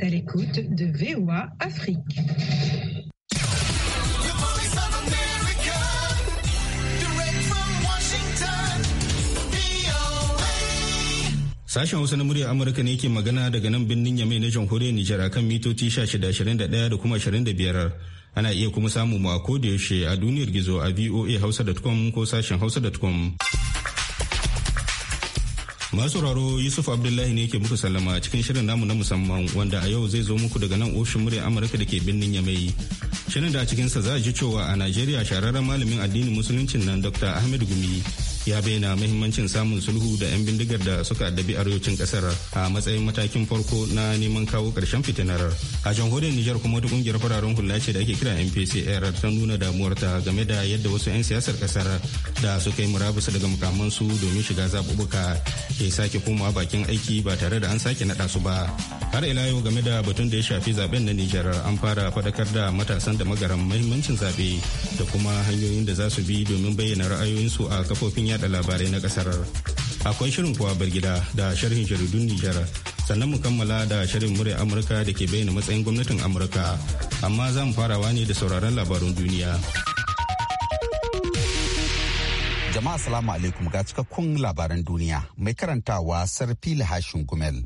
à l'écoute de VOA Afrique. Sashen Hausa na muryar Amurka ne ke magana daga nan birnin Yamai na jamhuriyar Nijar a kan mitoci 1621 da kuma 25. Ana iya kuma samu mu a yaushe a duniyar gizo a VOA hausa.com ko sashen hausa.com. Masu sauraro Yusuf Abdullahi ne ke muku sallama cikin shirin namu na musamman wanda a yau zai zo muku daga nan ofishin murya Amurka da ke birnin Yamai. Shirin da a cikinsa za a ji cewa a Najeriya shararren malamin addinin musuluncin nan Dr. Ahmed Gumi ya bayyana mahimmancin samun sulhu da 'yan bindigar da suka addabi arewacin kasar a matsayin matakin farko na neman kawo karshen fitinar a jamhuriyar nijar kuma wata kungiyar fararen hula ce da ake kira mpcr ta nuna damuwarta game da yadda wasu 'yan siyasar kasar da suka yi murabus daga su domin shiga zaɓuɓɓuka ke sake komawa bakin aiki ba tare da an sake naɗa su ba har ila yau game da batun da ya shafi zaben na nijar an fara faɗakar da matasan da magaran mahimmancin zaɓe da kuma hanyoyin da za su bi domin bayyana ra'ayoyinsu a kafofin yada labarai na ƙasar. Akwai shirin kuwa gida da sharhin jaridun Nijar sannan mu kammala da shirin murya Amurka da ke bayyana matsayin gwamnatin Amurka. Amma za mu farawa ne da sauraron labarun duniya. Jama'a salamu alaikum ga cikakkun labaran duniya mai karantawa Sarfila Hashin Gumel.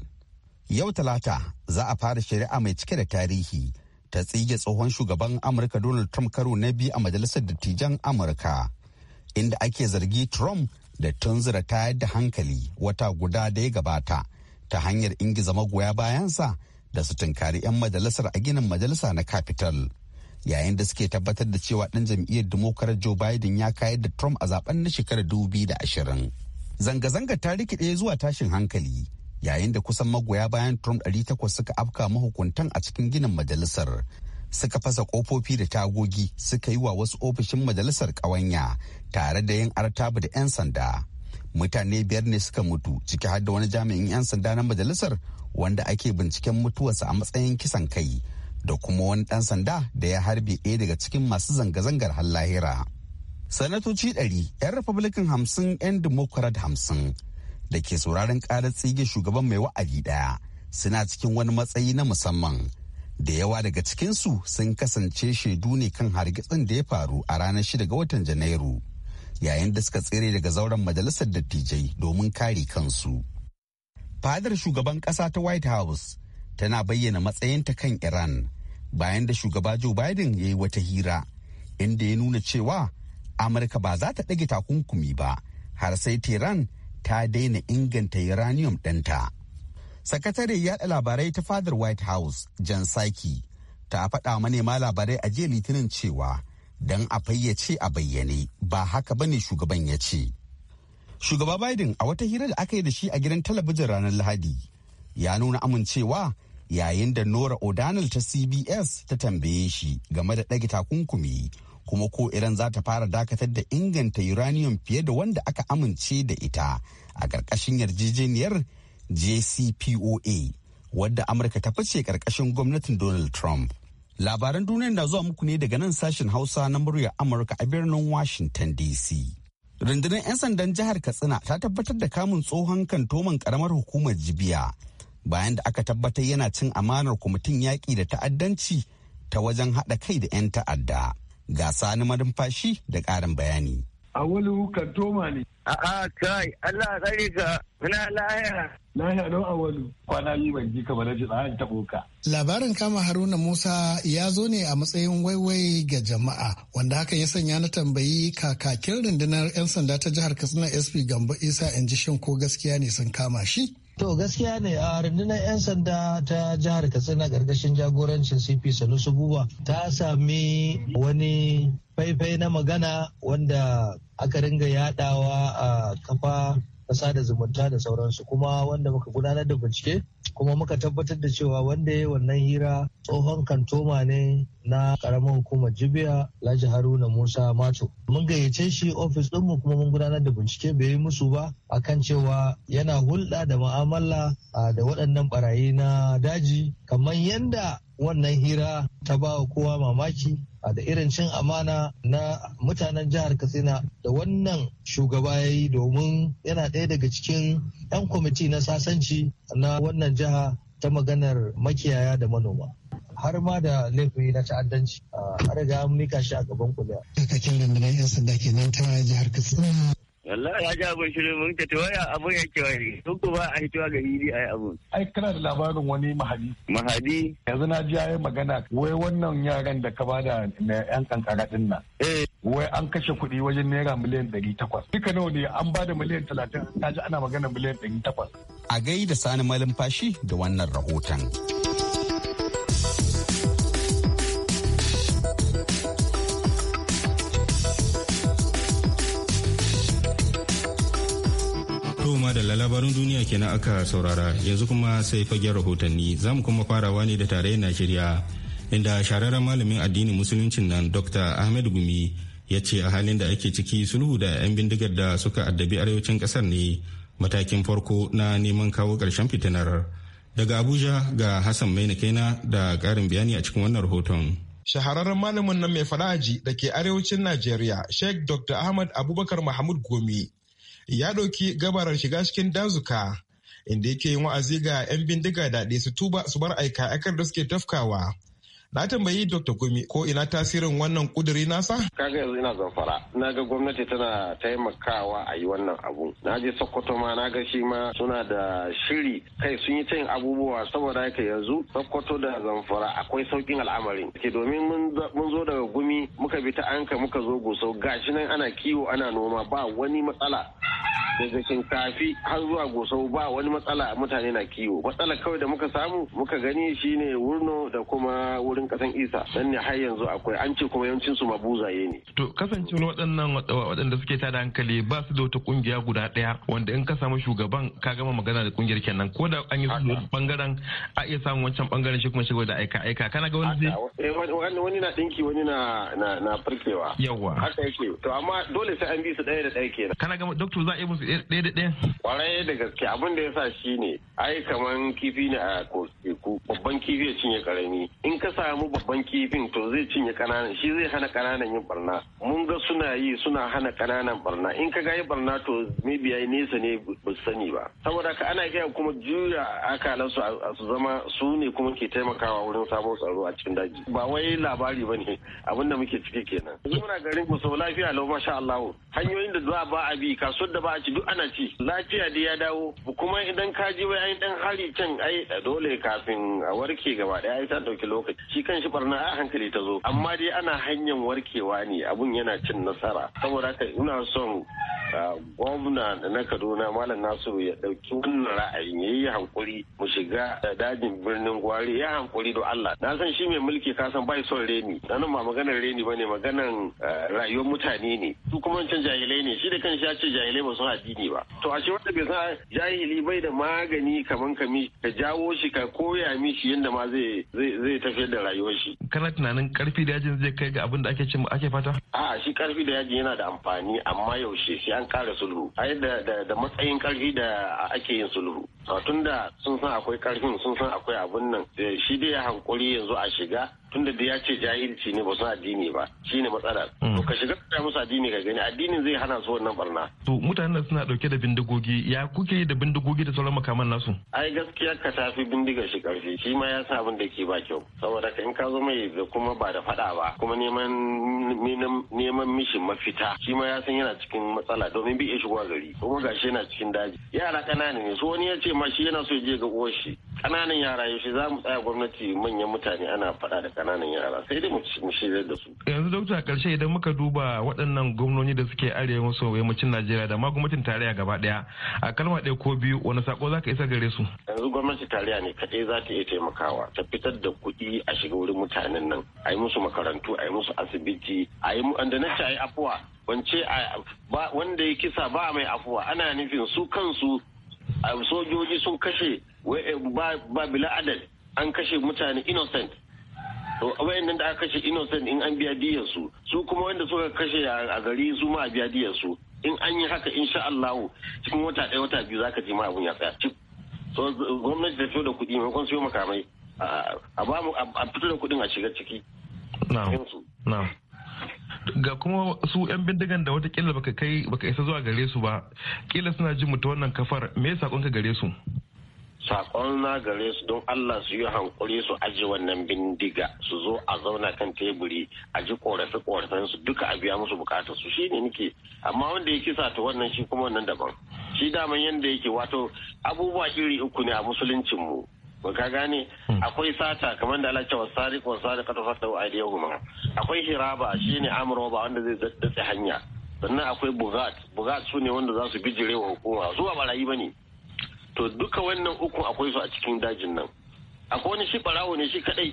Yau Talata za a fara shari'a mai cike da tarihi ta tsige tsohon shugaban amurka donald trump karo na biyu a majalisar dattijan amurka inda ake zargi trump da tunzura tayar da hankali wata guda da ya gabata ta hanyar ingiza magoya bayansa da su tunkari 'yan majalisar a ginin majalisa na capital yayin da suke tabbatar da cewa ɗan jam'iyyar democrat joe biden ya kayar da trump a zaben na shekarar 2020 zanga-zanga ta rikide zuwa tashin hankali yayin da kusan magoya bayan Trump 800 suka afka mahukuntan a cikin ginin majalisar. Suka fasa kofofi da tagogi suka yi wa wasu ofishin majalisar ƙawanya tare da yin artabu da 'yan sanda. Mutane biyar ne suka mutu ciki har da wani jami'in 'yan sanda na majalisar wanda ake binciken mutuwarsa a matsayin kisan kai da kuma wani ɗan sanda da ya harbe ɗaya daga cikin masu zanga-zangar har Sanatoci 100 'yan Republican hamsin 'yan Democrat hamsin da ke sauraron karar tsige shugaban mai wa'adi daya suna cikin wani matsayi na musamman da yawa daga cikinsu sun kasance shaidu ne kan hargitsin da ya faru a ranar shida ga watan janairu yayin da suka tsere daga zauren majalisar dattijai domin kare kansu fadar shugaban kasa ta white house tana bayyana matsayinta kan iran bayan da shugaba joe biden ya yi wata hira inda ya nuna cewa amurka ba za ta ɗage takunkumi ba har sai tehran ta daina inganta uranium ɗinta. sakatare yaɗa labarai ta fadar white house jan saki ta faɗa manema labarai a jiya litinin cewa don a fayyace a bayyane ba haka ba ne shugaban ya ce shugaba biden a wata hira da aka yi da shi a gidan talabijin ranar lahadi ya nuna amincewa yayin da nora o'donnell ta cbs ta tambaye shi game da ɗage takunkumi kuma ko Iran za ta fara dakatar da inganta uranium fiye da wanda aka amince da ita a ƙarƙashin yarjejeniyar JCPOA wadda Amurka ta fice ƙarƙashin gwamnatin Donald Trump. Labaran duniya na zuwa muku ne daga nan sashen Hausa na muryar Amurka a birnin Washington DC. Rundunar 'yan sandan jihar Katsina ta tabbatar da kamun tsohon kantoman karamar hukumar Jibiya bayan da aka tabbatar yana cin amanar kwamitin yaƙi da ta'addanci ta wajen haɗa kai da 'yan ta'adda. ga sani madumfashi da ƙarin bayani. A wani toma ne. A'a kai Allah tsare ka muna lahiya. Lahiya don a wani kwana yi ban ji kamar ji tsarin taɓo ka. Labarin kama Haruna Musa ya zo ne a matsayin waiwai ga jama'a wanda haka ya sanya na tambayi kakakin rundunar 'yan sanda ta jihar Katsina SP Gambo Isa in ji shin ko gaskiya ne sun kama shi? To gaskiya ne a rundunar 'yan sanda ta jihar Katsina ƙarƙashin jagorancin CP Salisu Buba ta sami wani faifai na magana wanda aka ringa yadawa a kafa na sada zumunta da sauransu kuma wanda muka gudanar da bincike kuma muka tabbatar da cewa wanda ya yi wannan hira tsohon kantoma ne na karamin hukumar jibiya laji haruna musa mato mun gayyace shi ofis ɗinmu kuma mun gudanar da bincike bai yi musu ba akan cewa yana hulɗa da ma'amala da waɗannan barayi na daji kamar yadda wannan hira ta ba wa kowa mamaki a da irin cin amana na mutanen jihar katsina da wannan shugaba ya yi domin yana ɗaya daga cikin 'yan kwamiti na sasanci na wannan jiha ta maganar makiyaya da manoma har ma da laifi na ta'addanci a riga mika shi a gaban kuliya. Kakakin rundunar 'yan sanda kenan ta jihar Katsina wallahi ya ja abin shirin mun tafi waya abun yake wani Duk kuma a hitowa ga hili a yi ai kana da labarin wani mahadi. mahadi. yanzu na ji ya magana wai wannan yaran da ka bada na yan kankara din nan. Eh. wai an kashe kuɗi wajen naira miliyan ɗari takwas. duka nawa ne an bada miliyan talatin ta ana magana miliyan ɗari takwas. a gai da sani malumfashi da wannan rahoton. ma da labarin duniya kenan aka saurara yanzu kuma sai fagen rahotanni za mu kuma farawa ne da tarayyar Najeriya inda shararren malamin addinin musuluncin nan Dr. Ahmed Gumi ya ce a halin da ake ciki sulhu da 'yan bindigar da suka addabi arewacin kasar ne matakin farko na neman kawo ƙarshen fitinar. Daga Abuja ga Hassan Maina Kaina da ƙarin bayani a cikin wannan rahoton. shahararren malamin nan mai faraji da ke arewacin Najeriya, Sheikh Dr. Ahmad Abubakar Mahmud Gomi ya ɗauki gabarar shiga cikin dazuka inda yake yin wa'azi ga 'yan bindiga daɗi su tuba su bar aika aikar da suke tafkawa. Na tambayi Dr. Gumi ko ina tasirin wannan kuduri nasa? Kaga yanzu ina zamfara. Na ga gwamnati tana taimakawa a yi wannan abu. Na je Sokoto ma na ga shi ma suna da shiri kai sun yi tayin abubuwa saboda haka yanzu Sokoto da zamfara akwai saukin al'amarin. Ke domin mun zo daga Gumi muka bi ta anka muka zo Gusau gashi nan ana kiwo ana noma ba wani matsala. daga shinkafi har zuwa gosau ba wani matsala mutane na kiwo matsala kawai da muka samu muka gani shine wurno da kuma wurin kasan isa dan ne har yanzu akwai an ce kuma yawancin su mabuzaye ne to kasancewar waɗannan waɗanda suke tada hankali ba su da wata kungiya guda ɗaya wanda in ka samu shugaban ka gama magana da kungiyar kenan ko da an yi bangaren a iya samun wancan bangaren shi kuma shigo da aika aika kana ga wani eh, wani na dinki wani na na farkewa yawa haka yake to amma dole sai an bi su ɗaya da ɗaya kenan kana ga doctor za a yi musu ɗaya ɗaya? Kwarai da gaske abin da ya sa shi ne ai kifi ne a teku babban kifi ya cinye karami in ka samu babban kifin to zai cinye kananan shi zai hana kananan yin barna mun ga suna yi suna hana kananan barna in ka ga barna to maybe yayi nesa ne ba sani ba saboda ka ana gaya kuma juya akalan a su zama su ne kuma ke taimakawa wurin samun tsaro a cikin daji ba wai labari ba ne abin da muke ciki kenan yanzu muna garin mu sau lafiya lau masha Allah hanyoyin da za a ba a bi kasuwar da ba a ci duk ana ci lafiya da ya dawo kuma idan ka ji wai an dan hari can ai dole kafin a warke gaba daya ai ta dauki lokaci shi kan shi barna a hankali ta zo amma dai ana hanyar warkewa ne abun yana cin nasara saboda haka ina son gwamna na kaduna malam nasiru ya dauki wannan ra'ayin ya yi hankuri mu shiga dajin birnin gwari ya hankuri don allah na san shi mai mulki kasan bai son reni nan ma maganar reni bane maganar rayuwar mutane ne su kuma can jahilai ne shi da kan shi ya ce jahilai ba su haɗi addini ba to ashe wanda bai sa jahili bai da magani kamar ka mi ka jawo shi ka koya mishi yadda ma zai zai tafiyar da rayuwar shi kana tunanin karfi da yajin zai kai ga abin da ake cin ake fata a shi karfi da yajin yana da amfani amma yaushe sai an kara sulhu A da da matsayin karfi da ake yin sulhu tun da sun san akwai karfin sun san akwai abun nan eh, shi dai ya hankuri yanzu a shiga tun da ya ce jahilci ne ba su addini ba shi ne matsala mm. to ka shiga ka musu addini ka gani addinin zai hana su wannan barna to mutanen suna dauke da bindigogi ya kuke da bindigogi da sauran makaman nasu ai gaskiya ka tafi bindigar shi karfi shi ma ya sa abin da ke ba kyau saboda ka in ka zo mai da kuma ba da fada ba kuma neman neman mishin mafita shi ma ya san yana cikin matsala domin bi ya shigo gari kuma gashi yana cikin daji yara kanana ne su wani ya ce ma shi yana so je ga uwar shi kananan yara yaushe za mu tsaya gwamnati manyan mutane ana faɗa da kananan yara sai dai mu shirya da su yanzu dokta karshe idan muka duba waɗannan gwamnoni da suke arewa maso yammacin najeriya da ma gwamnatin tarayya gaba ɗaya a kalma ɗaya ko biyu wani sako za ka isa gare su yanzu gwamnati tarayya ne kaɗai za ta iya taimakawa ta fitar da kuɗi a shiga wurin mutanen nan a yi musu makarantu a yi musu asibiti a yi da na ci a yi afuwa wance wanda ya kisa ba mai afuwa ana nufin su kansu sojoji sun kashe eh, ba bila adad an kashe mutane innocent wayannan da aka kashe innocent in an biya diyar su su kuma wanda suka kashe a gari su ma a biya diyar su in an yi haka insha Allah cikin wata ɗaya wata biyu zaka ji ma abun ya tsaya so gwamnati ta fito da kuɗi maimakon siyo makamai a ba mu a fito da kuɗin a shiga ciki na'am ga kuma su yan bindigan da watakila baka kai baka isa zuwa gare su ba kila suna jin mutu wannan kafar me sakon ka gare su sakon na gare su don Allah su yi hankuri su aji wannan bindiga su zo a zauna kan teburi a ji korafi korafin su duka a biya musu bukatar su shine nike amma wanda yake sa ta wannan shi kuma wannan daban shi daman yanda yake wato abubuwa iri uku ne a musuluncin mu ba ka gane hmm. akwai sata kamar da alaƙa wasu wasu ko wasari fata tafa da aidiyahuma akwai hiraba shi ne amurwa ba wanda zai datse hanya sannan akwai bugat bugat su ne wanda za su bijire wa hukuma su ba barayi ba ne to duka wannan uku akwai su a cikin dajin nan akwai wani shi barawo ne shi kadai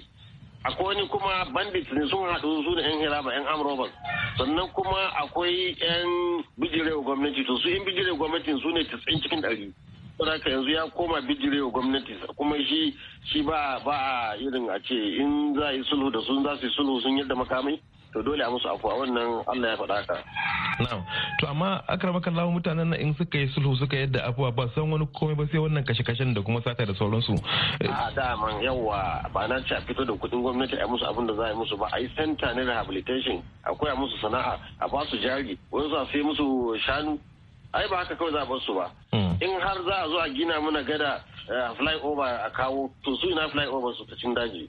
akwai wani kuma bandits ne sun haɗu su ne yan hiraba yan amurwa sannan kuma akwai yan bijirewa gwamnati to su yan bijirewa gwamnati su ne cikin ɗari saboda yanzu ya koma bijirewa gwamnati kuma shi shi ba ba a irin a ce in za yi sulhu da sun za su yi sulhu sun yadda makamai to dole a musu afuwa wannan Allah ya faɗa ka. Na'am. To amma akramakan lawo mutanen nan in suka yi sulhu suka yadda afuwa ba san wani komai ba sai wannan kashe-kashen da kuma sata da sauransu. Eh, a daman yawa ba na ce a fito da kudin gwamnati a musu abin da za a yi musu ba a yi center na rehabilitation a koya musu sana'a a ba su jari wani su a sai musu shanu ai ba haka kawai za a su ba hmm. in har za a zo a gina mana gada eh, flyover a kawo to su ina flyover su ta cin daji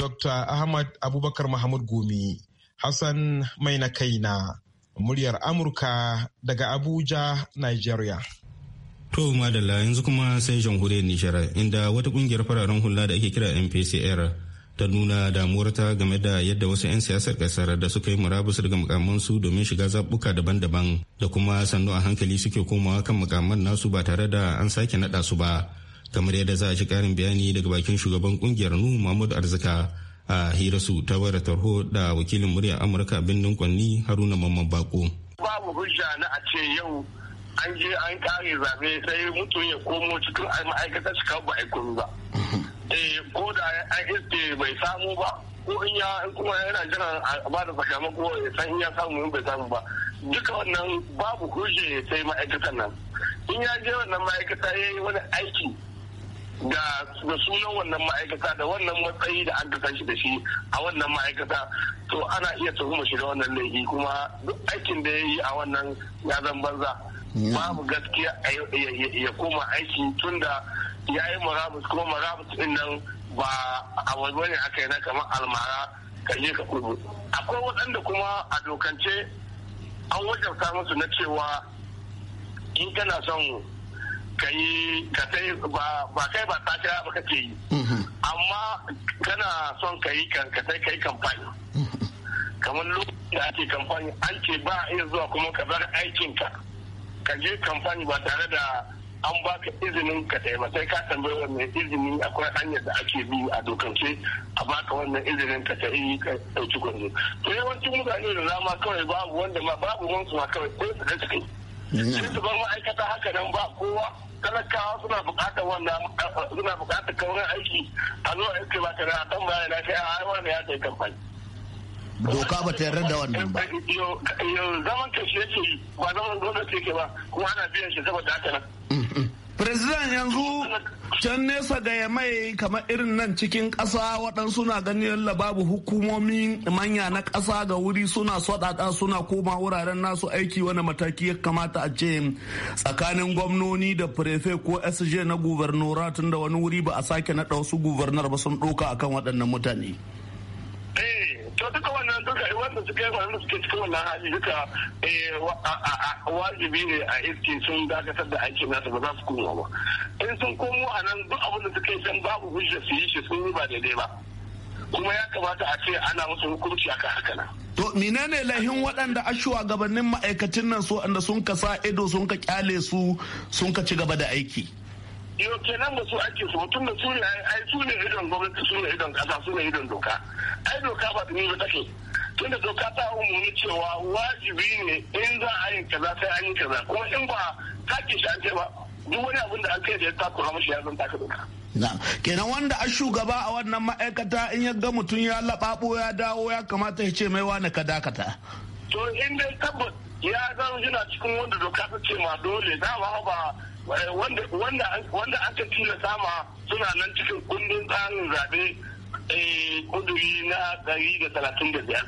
dr ahmad abubakar mahmud gomi hassan mai na kai na muryar amurka daga abuja nigeria To madalla yanzu kuma sai jamhuriyar Nijar inda wata kungiyar fararen hula da ake kira NPCR. ta nuna damuwarta game da yadda wasu 'yan siyasar kasar da suka yi murabus daga mukamansu domin shiga zaɓuka daban-daban da kuma sannu a hankali suke komawa kan mukaman nasu ba tare da an sake naɗa su ba kamar yadda za a ci karin bayani daga bakin shugaban kungiyar nuhu mahmud arzika a hirarsu ta wayar tarho da wakilin muryar amurka birnin kwanni haruna mamman bako. babu hujja na a ce yau an je an kare zaɓe sai mutum ya komo cikin ma'aikatar shi ba a ba. Eh, ko da an iske bai samu ba ko in ya kuma yana jiran a ba da sakamako ya san in ya samu in bai samu ba duka wannan babu kushe sai ma'aikatan nan in ya je wannan ma'aikata ya yi wani aiki da da sunan wannan ma'aikata da wannan matsayi da an san shi da shi a wannan ma'aikata to ana iya tuhuma shi da wannan laifi kuma duk aikin da ya yi a wannan ya zan banza mm. babu gaskiya ya koma aiki tunda ya yi marabus kuma marabus din nan ba a wajen aka yi na kamar almara ka je ka kudu akwai waɗanda kuma a dokance an wajarta musu na cewa in kana son ka yi ka sai ba kai ba ta kira ba kake yi mhm. amma kana son ka yi ka sai ka yi kamfani mhm. kamar lokacin da ake kamfani an ce ba a iya zuwa kuma ka bar aikinka ka je kamfani ba tare da an ba ka izinin ka taimaka sai ka tambayi wannan izini akwai hanyar da ake bi a dokance a baka wannan izinin ka tafi ka dauki gwanzo to yawancin mutane da dama kawai babu wanda ma babu wansu ma kawai ko su kai mm. sai su bar ma'aikata haka nan ba kowa talakawa suna bukatar wannan suna bukatar kawai aiki a zo aiki ba ka da tambaya na lafiya a wani ya yi kamfani doka ba ta yarda da wannan ba. Yau zaman kashe yake ba zaman gwamnati yake ba kuma ana biyan shi saboda haka nan. President yanzu can nesa ga ya mai kamar irin nan cikin ƙasa waɗansu na ganin babu hukumomi manya na ƙasa ga wuri suna swaɗaɗa suna koma wuraren nasu aiki wani mataki ya kamata a ce tsakanin gwamnoni da prefe ko sj na gubernora tun da wani wuri ba a sake naɗa wasu gubernar ba sun ɗoka akan waɗannan mutane. to duka wannan duka wanda suka yi wanda suke cikin wannan hali duka eh, wajibi ne a iske sun dakatar da aikin nasu ba za su koma ba in sun komo a nan duk abin da suka yi babu hujja su yi shi sun yi ba daidai ba kuma ya kamata a ce ana musu hukunci aka haka nan To menene lahin waɗanda a shugabannin ma'aikacin nan su waɗanda sun ka sa ido sun ka kyale su sun ka ci gaba da aiki? yau kenan ba su ake su tun da sune ai su ne idon gwamnati sune ne idon kasa sune ne idon doka ai doka ba ta nuna take tunda doka ta umarni cewa wajibi ne in za a yi kaza sai an yi kaza kuma in ba take shi an ce ba duk wani abin da an kai da ya takura mashi ya zan taka doka kenan wanda a shugaba a wannan ma'aikata in ya ga mutum ya laɓaɓo ya dawo ya kamata ya ce mai wani ka dakata to in dai tabbas ya zama yana cikin wanda doka ta ce ma dole dama ba Eh, wanda aka tilasta sama suna nan cikin kundin tsarin zaɓe eh, kuduri na ɗari da talatin da biyar.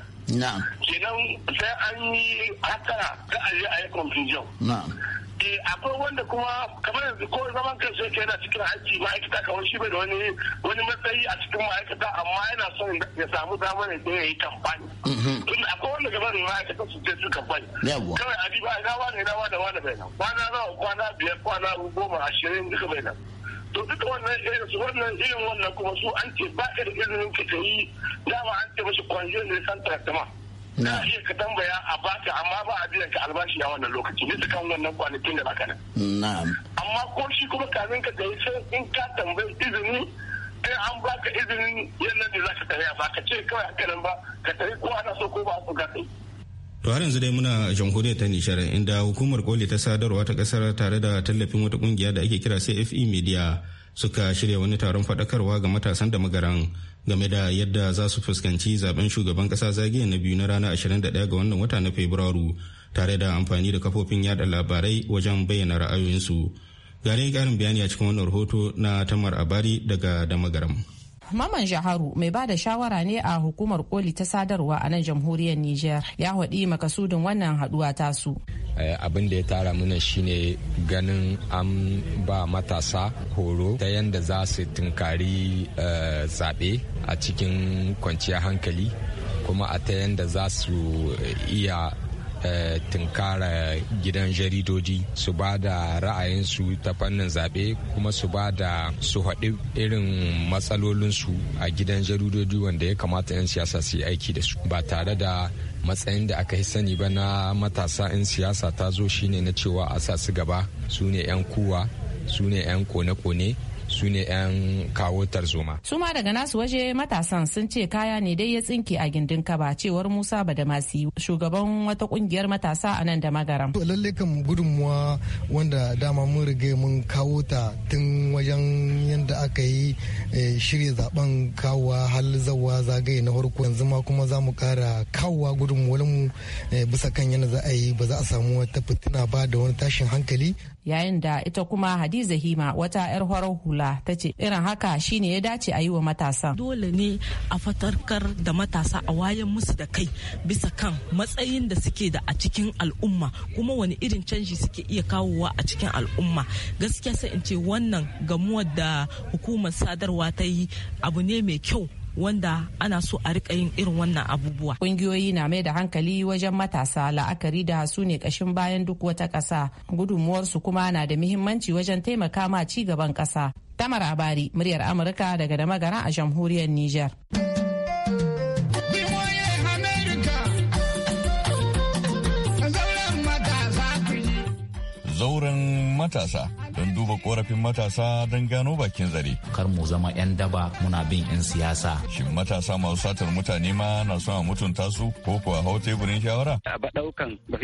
Kenan sai an yi haka ta aje a yi confusion. eh akwai wanda kuma kamar yanzu ko zaman kansu yake yana cikin aiki ma'aikata kamar shi bai da wani wani matsayi a cikin ma'aikata amma yana son ya samu damar je ya yi kamfani mhm. tun akwai wanda gaba da ma'aikata su je su kamfani kawai a diba ina yi ina wani wani bai nan kwana nawa kwana biyar kwana goma ashirin duka bai nan to duka wannan irin su wannan irin wannan kuma su an ce ba irin izinin ka ta yi dama an ce mashi kwanjiyar ne san tarakama. na iya ka tambaya a baka amma ba a biyan ka albashi a wannan lokaci ne kan wannan kwanakin da baka nan na'am amma ko shi kuma kafin ka tafi sai in ka tambayi izini in an baka izinin yadda da zaka a ba ka ce kawai haka nan ba ka tafi ko ana so ko ba su ka To har yanzu dai muna jamhuriyar ta Nishar inda hukumar koli ta sadarwa ta kasar tare da tallafin wata kungiya da ake kira CFE Media suka shirya wani taron faɗakarwa ga matasan da magaran game da yadda za su fuskanci zaben shugaban kasa zagaye na biyu na ranar 21 ga wannan wata na fabrairu tare da amfani da kafofin yada labarai wajen bayyana ra'ayoyinsu gare karin bayani a cikin wannan rahoto na tamar abari daga damagaram Maman Jaharu mai ba da shawara ne a hukumar koli ta sadarwa a nan jamhuriyar Nijar ya haɗi makasudin wannan haɗuwa tasu. Eh, abin da ya tara mana shine ganin an ba matasa horo ta yadda za su tunkari eh, zaɓe a cikin kwanciyar hankali kuma a ta yadda za su eh, iya eh, tunkara gidan jaridoji su ba da ra'ayinsu ta fannin zaɓe kuma su ba da su haɗi irin matsalolinsu a gidan jaridoji wanda ya kamata 'yan siyasa su yi aiki da su ba tare da matsayin da aka yi sani ba na matasa 'yan siyasa ta zo shine na cewa a sa su gaba su ne 'yan kuwa su ne 'yan kone-kone su ne 'yan kawo tarzoma. Suma daga nasu waje matasan sun ce kaya ne dai ya tsinke a gindin kaba cewar musa badamasi shugaban wata kungiyar matasa a nan da magaram. lalle kan gudunmuwa wanda dama mun riga mun kawo ta tun wajen yadda aka yi eh, shirya zaben kawowa hal zawa zagaye na farko yanzu ma kuma za mu kara kawowa gudunmuwar mu eh, bisa kan yadda za a yi ba za a samu wata fitina ba da wani tashin hankali yayin da ita kuma hadiza hima wata 'yar horar hula ta ce irin haka shine ya dace a yi wa matasa dole ne a fatarkar da matasa a wayan musu da kai bisa kan matsayin da suke da a cikin al'umma kuma wani irin canji suke iya kawowa a cikin al'umma gaskiya sai in ce wannan gamuwar da hukumar sadarwa ta yi abu ne mai kyau wanda ana so a rika yin irin wannan abubuwa. ƙungiyoyi na mai da hankali wajen matasa la'akari da su ne kashin bayan duk wata ƙasa. Gudunmuwarsu kuma na da muhimmanci wajen taimaka ma ci gaban ƙasa. Tamar Abari, muryar Amurka daga da magara a jamhuriyar Nijar. Zauren matasa. don duba korafin matasa don gano bakin zare. Kar mu zama 'yan daba muna bin 'yan siyasa. Shin matasa masu satar mutane ma na son a mutunta su ko kuwa hau teburin shawara? A ba ɗaukan ba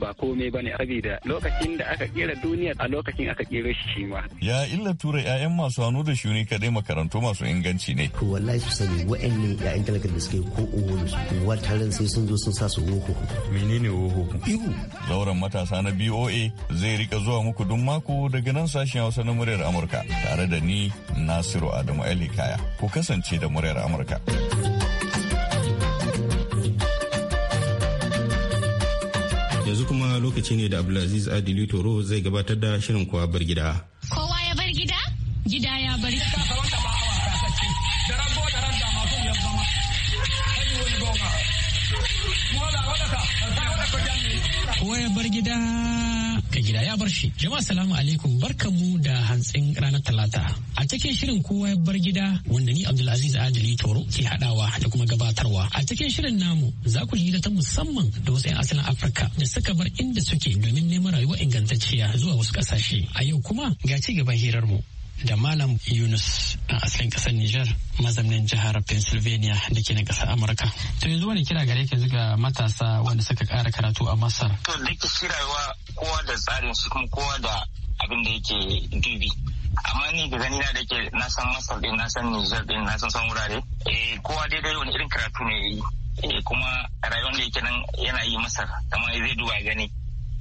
ba komai ba ne saboda lokacin da aka kera duniya a lokacin aka kera shi shi ma. Ya illa tura 'ya'yan masu hannu da shuni kadai makarantu masu inganci ne. To wallahi su sani ne 'ya'yan talaka da suke ko uwan su wataran sai sun zo sun sa su woho. Menene woho? Ihu. Zauren matasa na BOA zai rika zuwa muku duk mako daga nan sashen Hausa na muryar Amurka tare da ni Nasiru Adamu Ali Kaya. Ku kasance da muryar Amurka. Yanzu kuma lokaci ne da Abdulaziz Adili Toro zai gabatar da shirin kowa bar gida. Kowa ya bar gida? Gida ya bar gida gida ya bar shi. Jama'a salamu alaikum barkamu da hantsin ranar talata. A cikin shirin kowa ya bar gida wanda ni Abdulaziz Adili Toro ke hadawa da kuma gabatarwa. A cikin shirin namu za ku ji ta musamman da wasu 'yan asalin Afirka da suka bar inda suke domin neman rayuwa ingantacciya zuwa wasu ƙasashe. A yau kuma ga ci gaban hirarmu. da Malam Yunus a asalin kasar Nijar mazaunin jihar Pennsylvania da ke na kasar Amurka. To yanzu wani kira gare ka ga matasa wanda suka kara karatu a Masar. To da ke rayuwa kowa da tsarin su kuma kowa da abin da yake dubi. amma ni da gani na da ke na san masar din na san Niger din na san san wurare eh kowa daidai wani irin karatu ne yayi eh, kuma rayuwar da yake nan yana yi masar kamar zai duba gani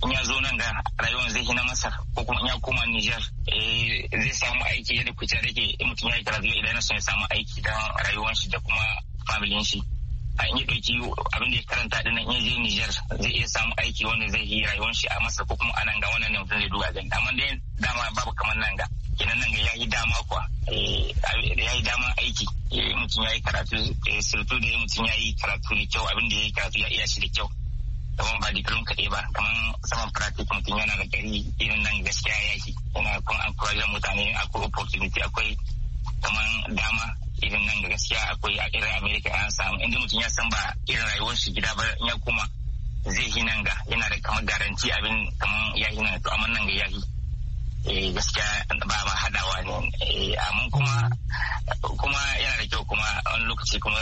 in ya zo nan ga rayuwar zai na masar ko kuma in ya koma Nijar eh, zai samu aiki yadda kuce da ke mutum ya yi karatu idan son ya samu aiki da rayuwar shi da kuma familin shi a in ya ɗauki abin da ya karanta ɗin in je niger zai iya samu aiki wanda zai yi rayuwar shi a masar ko kuma a nan ga wannan ne mutum zai duba gani amma dai dama babu kamar nan ga kenan nan ga ya yi dama kuwa eh, ya yi dama aiki eh, mutum ya yi karatu surtu da mutum ya yi karatu da kyau abin da ya yi karatu ya iya shi da kyau kamar ba diplom kaɗai ba kamar saman practice mutum yana da gari irin nan gaskiya ya shi yana kun encourage mutane akwai opportunity akwai kamar dama irin nan gaskiya akwai a irin america an samu inda mutum ya san ba irin rayuwar shi gida ba ya kuma zai yi nan ga yana da kamar garanti abin kamar ya yi nan to amma nan ga ya yi eh, gaskiya ba ma hadawa ne eh, amma kuma kuma yana da kyau kuma wani lokaci kuma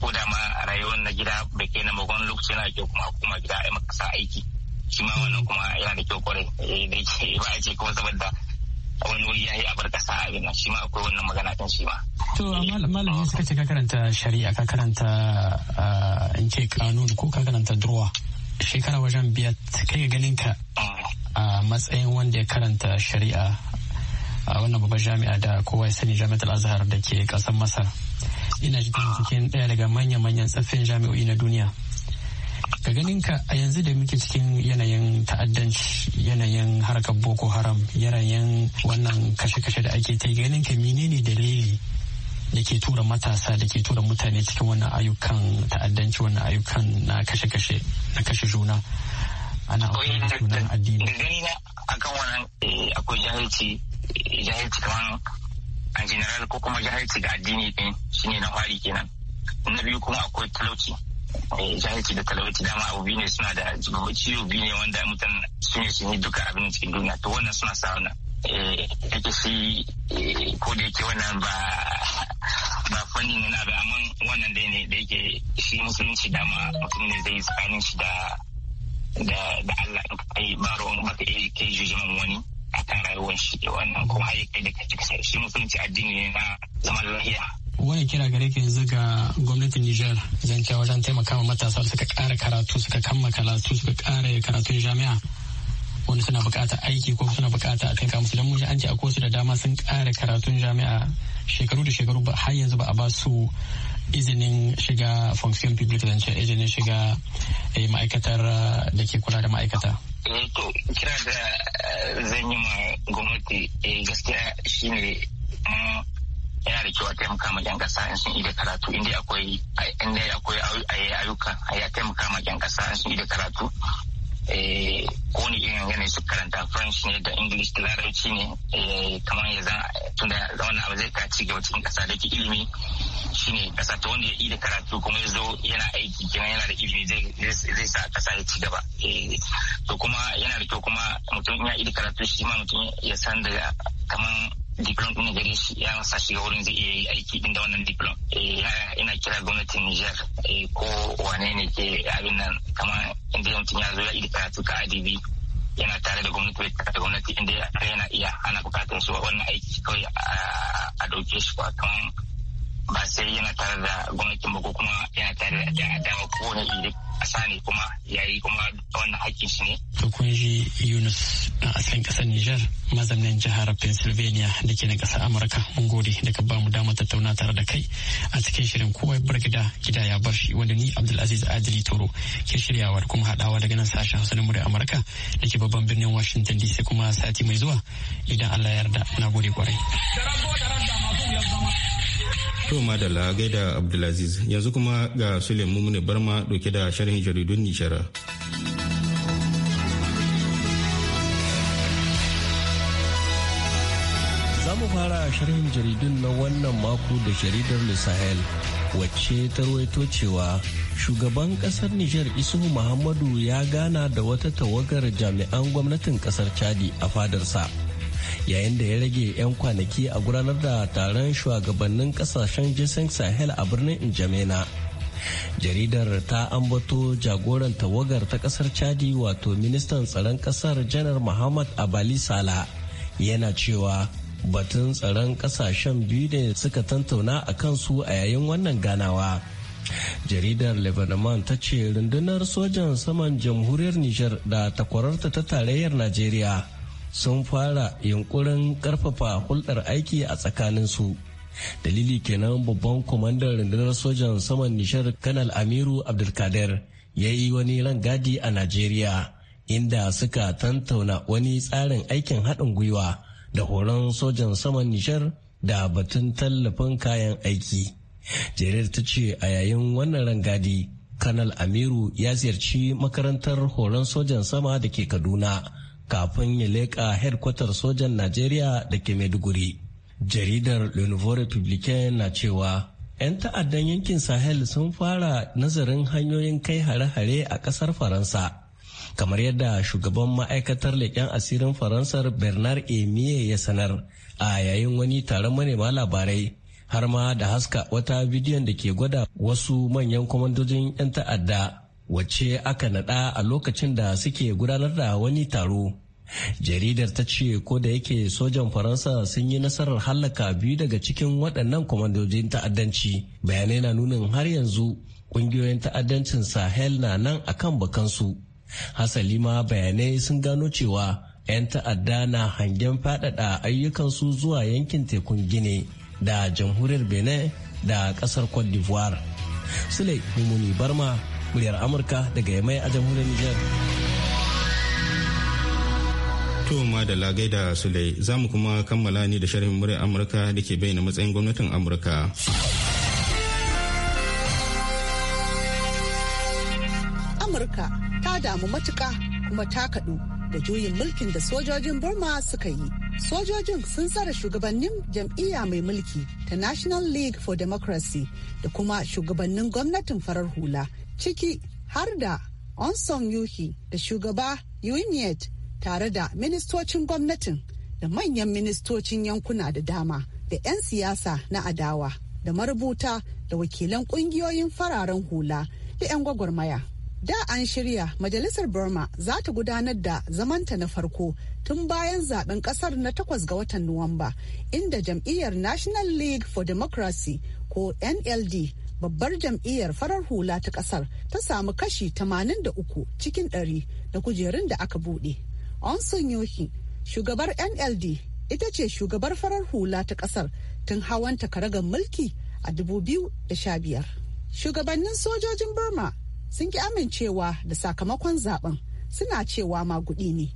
ko da ma a rayuwar na gida bai kai na magon lokaci na ke kyau kuma kuma gida a yi sa aiki shi ma wannan kuma yana da kyau kwarai eh, da ke ba a ce kuma saboda wani wuri ya yi a bar kasa abin nan shi ma akwai wannan magana kan shi ma. to malamai suka ce ka karanta shari'a ka karanta ah, in ce kanun ko ka karanta durwa shekara wajen biyar kai ganin ka a matsayin wanda ya karanta shari'a a wannan babbar jami'a da kowa ya sani jami'ar azhar da ke kasar masar yana cikin ɗaya daga manya-manyan tsaffin jami'o'i na duniya ga ganin ka a yanzu da muke cikin yanayin ta'addanci yanayin harkar boko haram yanayin wannan kashe-kashe da ake ta ganin ka menene dalili da ke tura matasa da ke tura mutane cikin wannan ayyukan ta'addanci wannan ayyukan na kashe-kashe na kashe juna ana akwai sunan addini akan wannan eh, akwai jahilci jahilci kamar a general ko kuma jahilci ga addini ɗin shine na fari kenan na biyu kuma akwai talauci eh, jahilci da talauci dama abu ne suna da ciwo biyu ne wanda mutum su sun yi duka abin cikin duniya to wannan suna sa wannan eh, yake shi eh, ko da yake wannan ba ba fanni ne na amma wannan da ne da yake shi dama mutum ne zai tsakanin shi da da Allah akan rayuwar shi wannan kuma har kai da kaci kasa shi musulunci addini ne na zaman lafiya wani kira gare ka yanzu ga gwamnatin Nijar zan cewa wajen taimaka ma matasa suka ƙara karatu suka kammala karatu suka ƙara karatun jami'a wani suna bukata aiki ko suna bukata a taimaka musu don mun an ce a da dama sun ƙara karatun jami'a shekaru da shekaru ba har yanzu ba a ba su izinin shiga function public zance izinin shiga eh, ma'aikatar eh, da ke kula da ma'aikata eh, to kira da zan yi ma gwamnati gaskiya shine mm, yana da kyau a taimaka ma 'yan kasa in sun ida karatu inda akwai ayyuka a ya taimaka ma 'yan kasa sun karatu Eh, kowane irin yanayi su karanta french ne da english da larabci ne eh, kamar ya tunda zaune abu zai ci gaba cikin kasa da ke ilimi shine kasa ta wanda ya yi da karatu kuma ya zo yana aiki kenan yana da ilimi zai sa kasa ya ci gaba eh, to kuma yana da kyau kuma mutum ya yi da karatu shi ma mutum ya san da kamar diplom ɗin gare shi ya sa shiga wurin zai iya yi aiki din da wannan diplom eh, ina kira gwamnatin Nijar eh, ko wane ne ke abin nan kamar inda mutum ya zo ya yi karatu ka adibi yana tare da gwamnati bai tare da gwamnati inda yana iya ana bukatar su wannan aiki kawai a dauke shi ba kan ba sai yana tare da gwamnatin ba ko kuma yana tare da dawa ko wani iri a ne kuma yayi kuma wannan hakkin shi ne. To kun ji Yunus a asalin ƙasar Nijar mazaunin jihar Pennsylvania da ke na ƙasar Amurka mun gode da ka mu damar tattauna tare da kai a cikin shirin kowai bar gida gida ya bar shi wanda ni Abdulaziz Adili Toro ke shiryawar kuma haɗawa daga nan sashen Hausa na murya Amurka da ke babban birnin Washington DC kuma sati mai zuwa idan Allah ya yarda na gode kwarai. To madalla gaida Abdulaziz yanzu kuma ga Suleiman Mumuni Barma dauke da sharhin jaridun Nishara. zamu fara sharhin jaridun na wannan mako da jaridar Sahel wacce ta ruwaito cewa shugaban kasar Nijar Isuhu Muhammadu ya gana da wata tawagar jami'an gwamnatin kasar Chadi a fadarsa. yayin da ya rage 'yan kwanaki a gudanar da taron shugabannin kasashen jisan sahel a birnin injamena jaridar ta ambato jagoran tawagar ta kasar chadi wato ministan tsaron kasar janar muhammad abali sala yana cewa batun tsaron kasashen biyu ne suka tantauna a kansu a yayin wannan ganawa jaridar lebanon ta ce rundunar sojan saman jamhuriyar nijar da takwararta ta tarayyar najeriya sun fara yunkurin karfafa hulɗar aiki a tsakanin su dalili kenan babban kwamandan rundunar sojan saman nishar kanal amiru abdulkader ya yi wani rangadi a najeriya inda suka tantauna wani tsarin aikin haɗin gwiwa da horon sojan saman nishar da batun tallafin kayan aiki jerir ta ce a yayin wannan rangadi kanal amiru ya ziyarci makarantar horon sojan sama da ke kaduna kafin ya leƙa hedkwatar sojan Najeriya da ke Maiduguri. Jaridar Le Nouveau na cewa 'yan ta'addan yankin Sahel sun fara nazarin hanyoyin kai hare-hare a ƙasar Faransa. Kamar yadda shugaban ma'aikatar leƙen asirin Faransar Bernard Emiye ya sanar a yayin wani taron manema labarai har ma da haska wata bidiyon da ke gwada wasu manyan kwamandojin 'yan ta'adda wacce aka naɗa a lokacin da suke gudanar da wani taro jaridar ta ce ko da yake sojan faransa sun yi nasarar hallaka biyu daga cikin waɗannan kwamandojin ta'addanci bayanai na nunin har yanzu ƙungiyoyin ta'addancin sahel na nan a kan bakansu hasali ma bayanai sun gano cewa 'yan ta'adda na hangen faɗaɗa ayyukansu zuwa yankin tekun gine da jamhuriyar benin da ƙasar cote d'ivoire sule muryar amurka daga yamai a jamhuriyar nijar tuma da lagai da sulai za mu kuma kammala ni da sharhin muryar amurka da ke bayyana matsayin gwamnatin amurka amurka ta damu matuka kuma ta kaɗu da juyin mulkin da sojojin burma suka yi sojojin sun tsara shugabannin jam'iyya mai mulki ta national league for democracy da kuma shugabannin gwamnatin farar hula ciki har da onson yuhi da shugaba uniet tare da ministocin gwamnatin da manyan ministocin yankuna da dama da 'yan siyasa na adawa da marubuta da wakilan kungiyoyin fararen hula da 'yan gwagwarmaya. Da an shirya Majalisar Burma za ta gudanar da zamanta na farko tun bayan zaben kasar na takwas ga watan Nuwamba, inda jam'iyyar National League for Democracy ko NLD babbar jam'iyyar farar hula ta kasar ta samu kashi 83 cikin 100 da kujerun da aka buɗe. Onson Yohi, shugabar NLD, ita ce shugabar farar hula ta kasar tun hawan takaragar mulki a 2015. Shugabannin sojojin Burma sun ki amincewa da sakamakon zaben suna cewa magudi ne.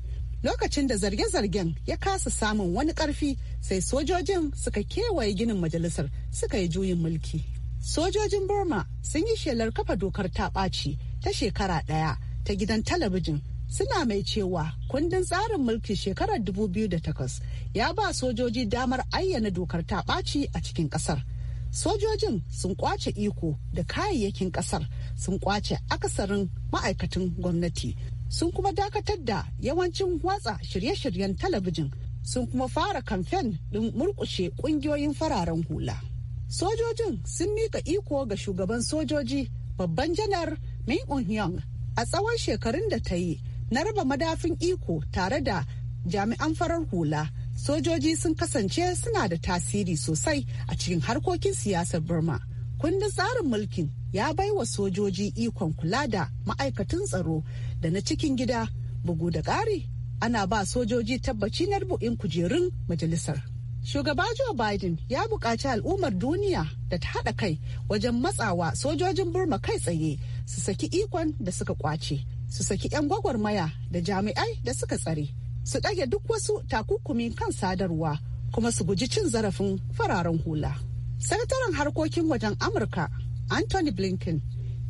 Lokacin da zarge-zargen ya kasa samun wani ƙarfi sai sojojin suka kewaye ginin majalisar suka yi juyin mulki. Sojojin Burma sun yi shelar kafa dokar ta ta shekara ɗaya ta gidan talabijin suna mai cewa kundin tsarin mulki shekarar 2008 ya ba sojoji damar ayyana dokar ta a cikin ƙasar. Sojojin sun kwace iko da kayayyakin ƙasar sun kwace akasarin ma'aikatan gwamnati sun kuma dakatar da yawancin watsa shirye-shiryen talabijin sun kuma fara kamfen din murkushe ƙungiyoyin fararen hula. sojojin sun mika iko ga shugaban sojoji babban janar min Young a tsawon shekarun da ta yi na raba madafin iko tare da jami'an farar hula sojoji sun kasance suna da tasiri sosai a cikin harkokin siyasar burma kundin tsarin mulkin ya bai wa sojoji ikon kula da ma'aikatan tsaro da na cikin gida bugu da ƙari ana ba sojoji tabbaci na rubu'in kujerun majalisar Shugaba Joe Biden ya buƙaci al'ummar duniya da ta haɗa kai wajen matsawa sojojin Burma kai tsaye su saki ikon da suka kwace, su saki 'yan gwagwarmaya da jami'ai da suka tsare, su ɗage duk wasu takukumin kan sadarwa kuma su guji cin zarafin fararen hula. Sakataren harkokin wajen Amurka Anthony Blinken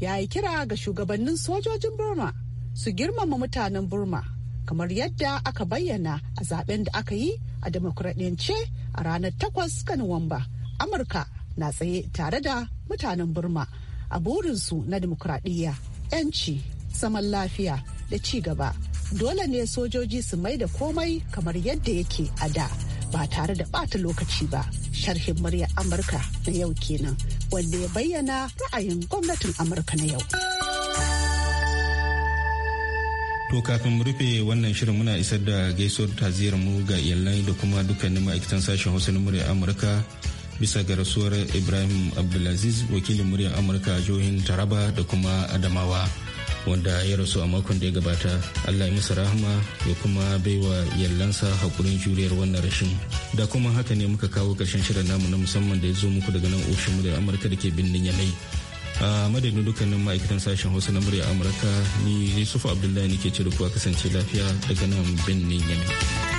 ya yi kira ga shugabannin sojojin Burma su girmama mutanen Burma kamar yadda aka bayyana a zaben da aka yi a demokuraɗiyance a ranar 8 ga Nuwamba. Amurka na tsaye tare da mutanen Burma a burinsu na demokuraɗiyya, 'yanci, saman lafiya da ci gaba. Dole ne sojoji su mai da komai kamar yadda yake a da ba tare da ɓata lokaci ba. Sharhin murya Amurka na yau kenan wanda ya bayyana ra'ayin gwamnatin Amurka na yau. To kafin mu rufe wannan shirin muna isar da gaisuwar taziyar mu ga iyalai da kuma dukkanin ma'aikatan sashen Hausa na muryar Amurka bisa ga rasuwar Ibrahim Abdulaziz wakilin muryar Amurka a jihohin Taraba da kuma Adamawa wanda ya rasu a makon da ya gabata. Allah ya masa rahama ya kuma baiwa yallansa hakurin juriyar wannan rashin. Da kuma haka ne muka kawo karshen shirin namu na musamman da ya zo muku daga nan ofishin muryar Amurka da ke birnin yanayi. a madadin dukkanin ma'aikatan sashen hausa na murya amurka ni yusuf abdullahi ne ke ce da kuwa kasance lafiya daga nan birnin yamma